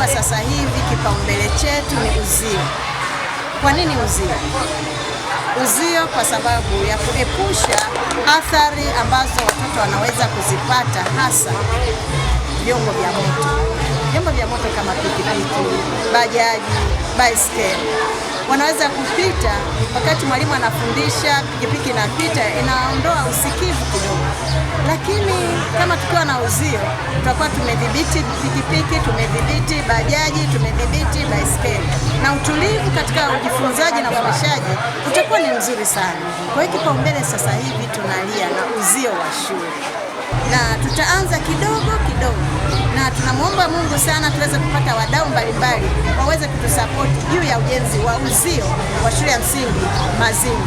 kubwa sasa hivi kipaumbele chetu ni uzio. Kwa nini uzio? Uzio kwa sababu ya kuepusha athari ambazo watoto wanaweza kuzipata, hasa vyombo vya moto, vyombo vya moto kama pikipiki, bajaji, baiskeli wanaweza kupita wakati mwalimu anafundisha, pikipiki inapita, inaondoa usikivu kidogo. Lakini kama tukiwa na uzio, tutakuwa tumedhibiti pikipiki, tumedhibiti bajaji, tumedhibiti baiskeli, na utulivu katika ujifunzaji na ufundishaji utakuwa ni mzuri sana. Kwa hiyo kipaumbele sasa hivi tunalia na uzio wa shule na tutaanza kidogo kidogo, na tunamwomba Mungu sana tuweze kupata wadau mbalimbali waweze kutusapoti juu ya ujenzi wa uzio wa shule ya msingi Mazingu,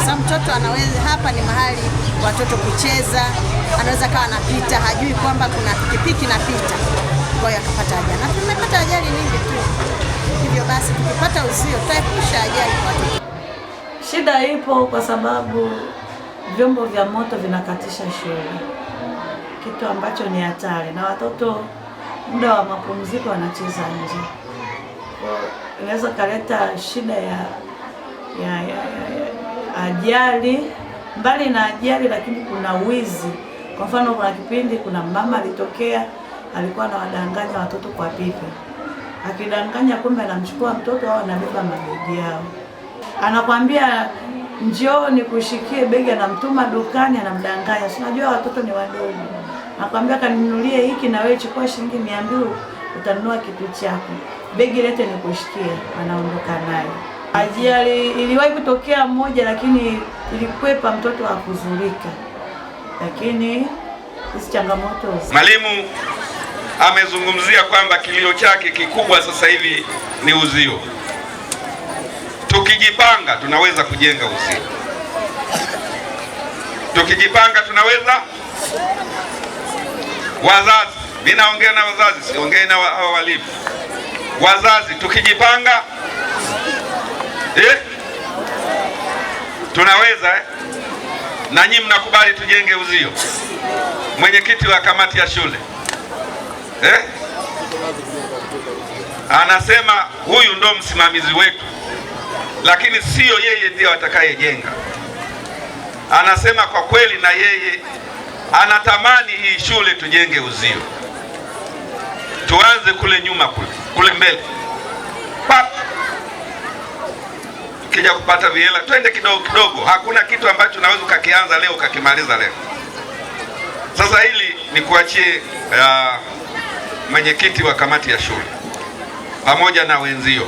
sababu mtoto anaweza, hapa ni mahali watoto kucheza, anaweza kawa anapita, hajui kwamba kuna pikipiki napita, kwa hiyo akapata ajali, na tumepata ajali nyingi tu. Hivyo basi tukipata uzio tutaepusha ajali kwa watoto. Shida ipo kwa sababu vyombo vya moto vinakatisha shule, kitu ambacho ni hatari, na watoto muda wa mapumziko wanacheza nje inaweza kaleta shida ya, ya, ya, ya ajali. Mbali na ajali, lakini kuna wizi. Kwa mfano, kuna kipindi kuna mama alitokea, alikuwa anawadanganya watoto kwa pipi, akidanganya kumbe anamchukua mtoto au anabeba mabegi yao, anakwambia njoo nikushikie begi, anamtuma dukani, anamdanganya. Si unajua watoto ni wadogo, nakwambia kaninunulie hiki, na wewe chukua shilingi mia mbili utanunua kitu chako, begi lete nikushikie, anaondoka nayo. Ajali iliwahi kutokea mmoja, lakini ilikwepa mtoto akuzurika, lakini hizi changamoto. Mwalimu amezungumzia kwamba kilio chake kikubwa sasa hivi ni uzio. Tukijipanga tunaweza kujenga uzio, tukijipanga tunaweza. Wazazi mimi naongea na wazazi, siongee na hawa walimu. Wazazi tukijipanga, eh, tunaweza eh? Na nyinyi mnakubali tujenge uzio, mwenyekiti wa kamati ya shule eh? Anasema huyu ndo msimamizi wetu, lakini sio yeye ndiye atakayejenga. Anasema kwa kweli, na yeye anatamani hii shule tujenge uzio tuanze kule nyuma kule kule mbele pap, ukija kupata vihela twende kidogo kidogo. Hakuna kitu ambacho unaweza ukakianza leo ukakimaliza leo. Sasa hili ni kuachie uh, mwenyekiti wa kamati ya shule pamoja na wenzio.